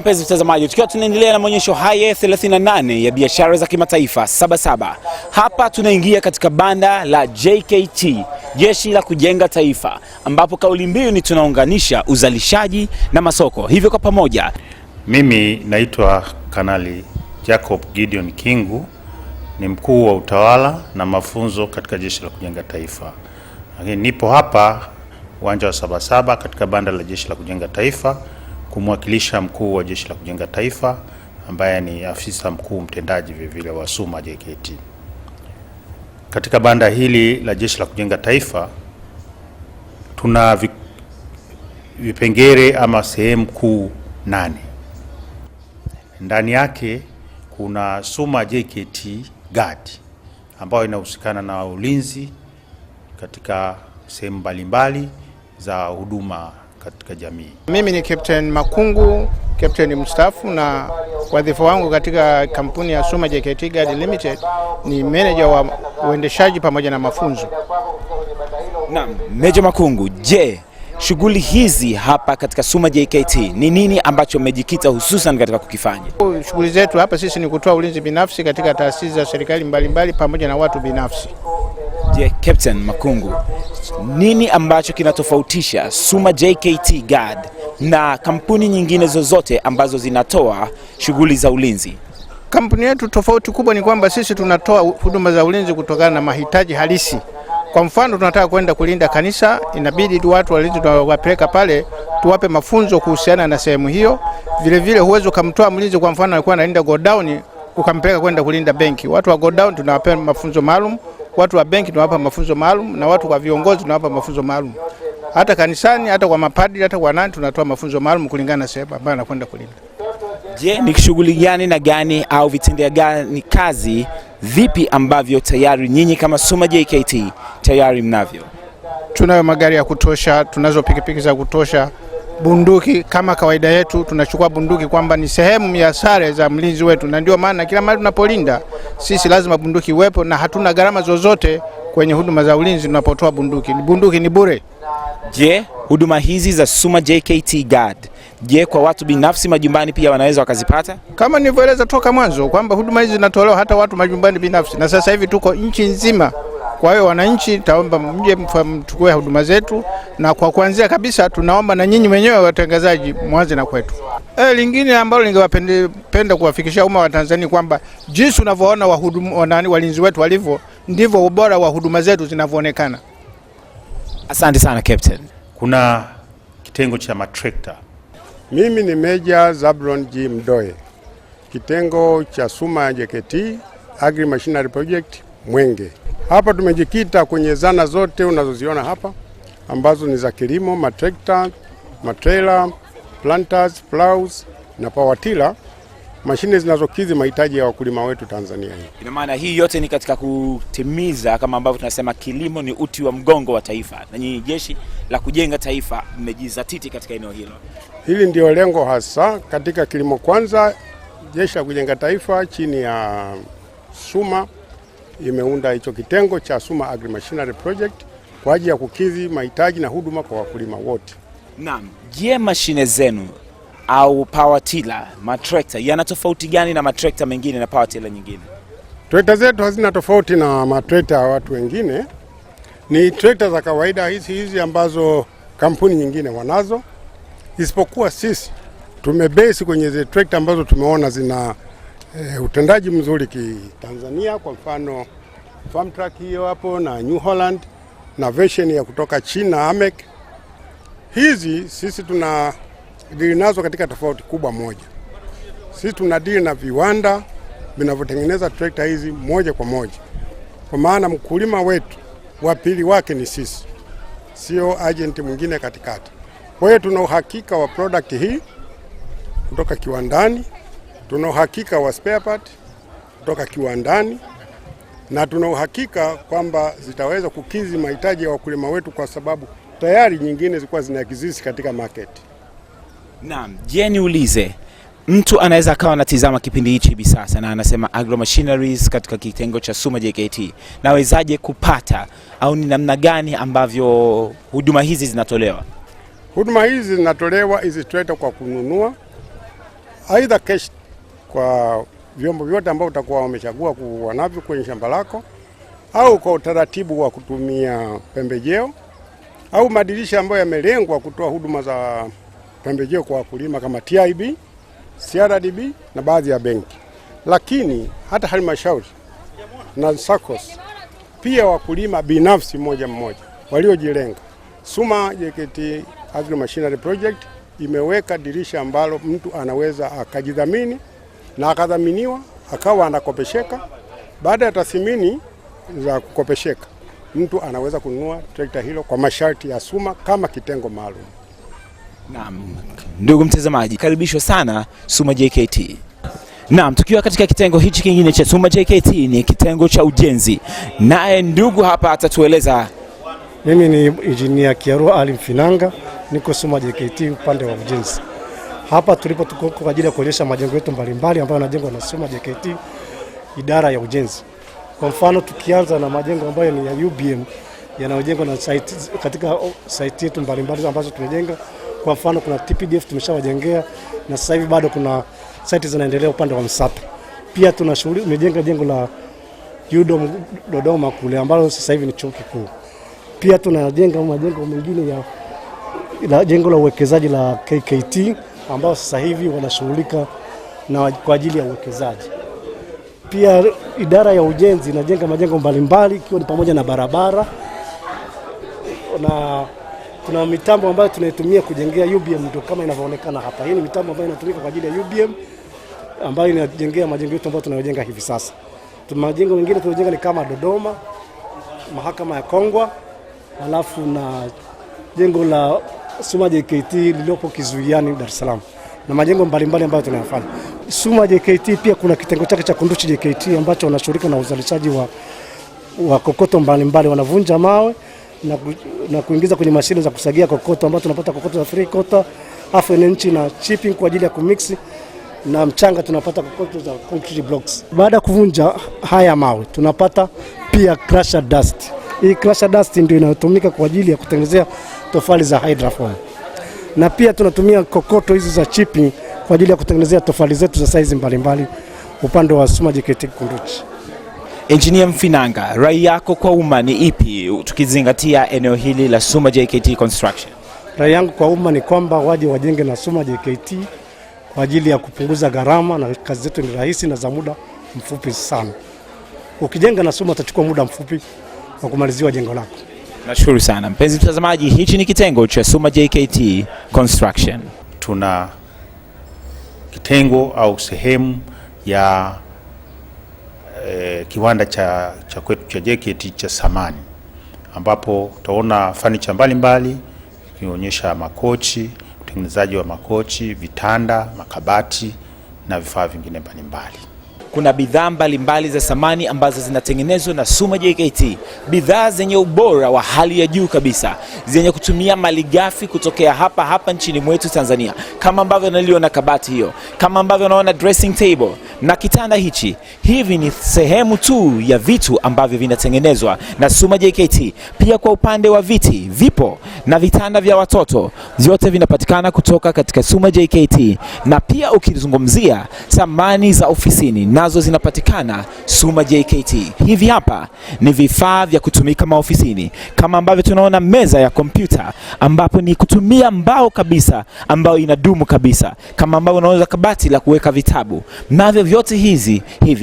Mpenzi mtazamaji, tukiwa tunaendelea na maonyesho haya 38 ya biashara za kimataifa Sabasaba, hapa tunaingia katika banda la JKT, jeshi la kujenga taifa, ambapo kauli mbiu ni tunaunganisha uzalishaji na masoko, hivyo kwa pamoja. Mimi naitwa Kanali Jacob Gideon Kingu, ni mkuu wa utawala na mafunzo katika jeshi la kujenga taifa, lakini nipo hapa uwanja wa Sabasaba katika banda la jeshi la kujenga taifa kumwakilisha mkuu wa Jeshi la Kujenga Taifa ambaye ni afisa mkuu mtendaji vilevile wa SUMA JKT. Katika banda hili la Jeshi la Kujenga Taifa tuna vipengere ama sehemu kuu nane. Ndani yake kuna SUMA JKT Guard ambayo inahusikana na ulinzi katika sehemu mbalimbali za huduma katika jamii. Mimi ni Captain Makungu, captain mstaafu, na wadhifa wangu katika kampuni ya Suma JKT Guard Limited ni meneja wa uendeshaji pamoja na mafunzo. Naam, Meja Makungu, je, shughuli hizi hapa katika Suma JKT ni nini ambacho mmejikita hususan katika kukifanya? Shughuli zetu hapa sisi ni kutoa ulinzi binafsi katika taasisi za serikali mbalimbali pamoja na watu binafsi. Je, Captain Makungu, nini ambacho kinatofautisha Suma JKT Guard na kampuni nyingine zozote ambazo zinatoa shughuli za ulinzi? Kampuni yetu tofauti kubwa ni kwamba sisi tunatoa huduma za ulinzi kutokana na mahitaji halisi. Kwa mfano, tunataka kwenda kulinda kanisa, inabidi watu walinzi tunawapeleka pale tuwape mafunzo kuhusiana na sehemu hiyo. Vilevile huwezi ukamtoa mlinzi, kwa mfano alikuwa analinda godown, ukampeleka kwenda kulinda benki. Watu wa godown tunawapa mafunzo maalum watu wa benki tunawapa mafunzo maalum, na watu kwa viongozi tunawapa mafunzo maalum, hata kanisani, hata kwa mapadri, hata kwa nani, tunatoa mafunzo maalum kulingana na sehemu ambayo anakwenda kulinda. Je, ni shughuli gani na gani au vitendea gani kazi vipi ambavyo tayari nyinyi kama SUMA JKT tayari mnavyo? Tunayo magari ya kutosha, tunazo pikipiki za kutosha bunduki kama kawaida yetu, tunachukua bunduki kwamba ni sehemu ya sare za mlinzi wetu, na ndio maana kila mahali tunapolinda sisi lazima bunduki iwepo, na hatuna gharama zozote kwenye huduma za ulinzi tunapotoa bunduki. Bunduki ni bure. Je, huduma hizi za SUMA JKT Guard, je, kwa watu binafsi majumbani pia wanaweza wakazipata? Kama nilivyoeleza toka mwanzo kwamba huduma hizi zinatolewa hata watu majumbani binafsi, na sasa hivi tuko nchi nzima kwa hiyo wananchi, taomba mje mchukue huduma zetu, na kwa kuanzia kabisa tunaomba na nyinyi wenyewe watangazaji mwanze na kwetu. E, lingine ambalo ningewapenda kuwafikishia umma wa Tanzania kwamba jinsi unavyoona walinzi wetu walivyo, ndivyo ubora wa huduma zetu zinavyoonekana. Asante sana Captain. Kuna kitengo cha matrekta. Mimi ni Meja Zabron G Mdoe, kitengo cha Suma JKT Agri Machinery Project Mwenge. Hapa tumejikita kwenye zana zote unazoziona hapa ambazo ni za kilimo, matrekta, matrela, planters, plows na pawatila, mashine zinazokidhi mahitaji ya wakulima wetu Tanzania. Hii ina maana hii yote ni katika kutimiza kama ambavyo tunasema kilimo ni uti wa mgongo wa taifa, na nyinyi jeshi la kujenga taifa mmejizatiti katika eneo hilo. Hili ndio lengo hasa katika kilimo kwanza, jeshi la kujenga taifa chini ya SUMA imeunda hicho kitengo cha Suma Agri Machinery Project kwa ajili ya kukidhi mahitaji na huduma kwa wakulima wote. Naam, je, mashine zenu au power tiller matrekta yana tofauti gani na matrekta mengine na power tiller nyingine? Trekta zetu hazina tofauti na matrekta ya watu wengine, ni trekta za kawaida hizi hizi ambazo kampuni nyingine wanazo, isipokuwa sisi tumebesi kwenye zile trekta ambazo tumeona zina e, utendaji mzuri kitanzania. Kwa mfano farm truck hiyo hapo na New Holland na version ya kutoka China Amec, hizi sisi tuna dili nazo katika tofauti kubwa moja, sisi tuna dili na viwanda vinavyotengeneza trekta hizi moja kwa moja, kwa maana mkulima wetu wa pili wake ni sisi, sio ajenti mwingine katikati. Kwa hiyo tuna uhakika wa product hii kutoka kiwandani. Tuna uhakika wa spare part kutoka kiwandani na tuna uhakika kwamba zitaweza kukidhi mahitaji ya wakulima wetu, kwa sababu tayari nyingine zilikuwa zina kizizi katika market. Naam, je, niulize mtu anaweza akawa anatizama kipindi hichi hivi sasa na anasema Agro Machineries katika kitengo cha Suma JKT, nawezaje kupata au ni namna gani ambavyo huduma hizi zinatolewa? Huduma hizi zinatolewa izitweta kwa kununua aidha cash kwa vyombo vyote ambavyo utakuwa wamechagua kuwa navyo kwenye shamba lako, au kwa utaratibu wa kutumia pembejeo au madirisha ambayo yamelengwa kutoa huduma za pembejeo kwa wakulima kama TIB, CRDB na baadhi ya benki, lakini hata halmashauri na SACCOS pia wakulima binafsi mmoja mmoja waliojilenga. Suma JKT Agri Machinery Project imeweka dirisha ambalo mtu anaweza akajidhamini na akadhaminiwa, akawa anakopesheka. Baada ya tathmini za kukopesheka, mtu anaweza kununua trekta hilo kwa masharti ya SUMA kama kitengo maalum. Naam, ndugu mtazamaji, karibishwa sana SUMA JKT. Naam, tukiwa katika kitengo hichi kingine cha SUMA JKT ni kitengo cha ujenzi, naye ndugu hapa atatueleza. Mimi ni injinia Kiarua Ali Mfinanga, niko SUMA JKT upande wa ujenzi. Hapa tulipo tuko kwa ajili ya kuonyesha majengo yetu mbalimbali ambayo yanajengwa na SUMA JKT idara ya ujenzi. Kwa mfano tukianza na majengo ambayo ni ya UBM yanayojengwa na site, katika site yetu mbalimbali ambazo tumejenga. Kwa mfano kuna TPDF tumeshawajengea na sasa hivi bado kuna site zinaendelea upande wa Msapa. Pia tuna shughuli tumejenga jengo la UDOM Dodoma kule ambalo sasa hivi ni chuo kikuu. Pia tunajenga majengo mengine ya la jengo la uwekezaji la KKT ambao sasa hivi wanashughulika na kwa ajili ya uwekezaji. Pia idara ya ujenzi inajenga majengo mbalimbali ikiwa ni pamoja na barabara na kuna mitambo ambayo tunaitumia kujengea UBM, ndio kama inavyoonekana hapa. Hii ni mitambo ambayo inatumika kwa ajili ya UBM ambayo inajengea majengo yetu ambayo tunayojenga hivi sasa. Majengo mengine tunayojenga ni kama Dodoma, mahakama ya Kongwa, halafu na jengo la SUMA JKT lililopo Kizuiani, Dar es Salaam na majengo mbalimbali ambayo tunayafanya. SUMA JKT pia kuna kitengo chake cha Kunduchi JKT ambacho wanashughulika na uzalishaji wa, wa kokoto mbalimbali, wanavunja mawe na, na kuingiza kwenye mashine za kusagia kokoto ambazo tunapata kokoto za free kota half an inch na chipping kwa ajili ya kumix na mchanga tunapata kokoto za concrete blocks. Baada ya kuvunja haya mawe tunapata pia crusher dust. Hii crusher dust ndio inayotumika kwa ajili ya kutengenezea tofali za hydrofoam na pia tunatumia kokoto hizi za chipi kwa ajili ya kutengenezea tofali zetu za saizi mbalimbali upande wa Suma JKT Kunduchi. Engineer Mfinanga, rai yako kwa umma ni ipi tukizingatia eneo hili la Suma JKT Construction? Rai yangu kwa umma ni kwamba waje wajenge na Suma JKT kwa ajili ya kupunguza gharama, na kazi zetu ni rahisi na za muda mfupi sana. Ukijenga na Suma utachukua muda mfupi wa kumaliziwa jengo lako. Nashukuru sana mpenzi mtazamaji, hichi ni kitengo cha Suma JKT Construction. Tuna kitengo au sehemu ya eh, kiwanda cha, cha kwetu cha JKT cha samani ambapo utaona fanicha mbalimbali ikionyesha makochi, utengenezaji wa makochi, vitanda, makabati na vifaa vingine mbalimbali kuna bidhaa mbalimbali za samani ambazo zinatengenezwa na Suma JKT, bidhaa zenye ubora wa hali ya juu kabisa, zenye kutumia malighafi kutokea hapa hapa nchini mwetu Tanzania, kama ambavyo naliona kabati hiyo, kama ambavyo naona dressing table na kitanda hichi. Hivi ni sehemu tu ya vitu ambavyo vinatengenezwa na Suma JKT. Pia kwa upande wa viti vipo na vitanda vya watoto, vyote vinapatikana kutoka katika Suma JKT, na pia ukizungumzia samani za ofisini nazo zinapatikana Suma JKT. Hivi hapa ni vifaa vya kutumika maofisini kama ambavyo tunaona meza ya kompyuta ambapo ni kutumia mbao kabisa ambayo inadumu kabisa, kama ambavyo unaweza kabati la kuweka vitabu navyo vyote hizi hivi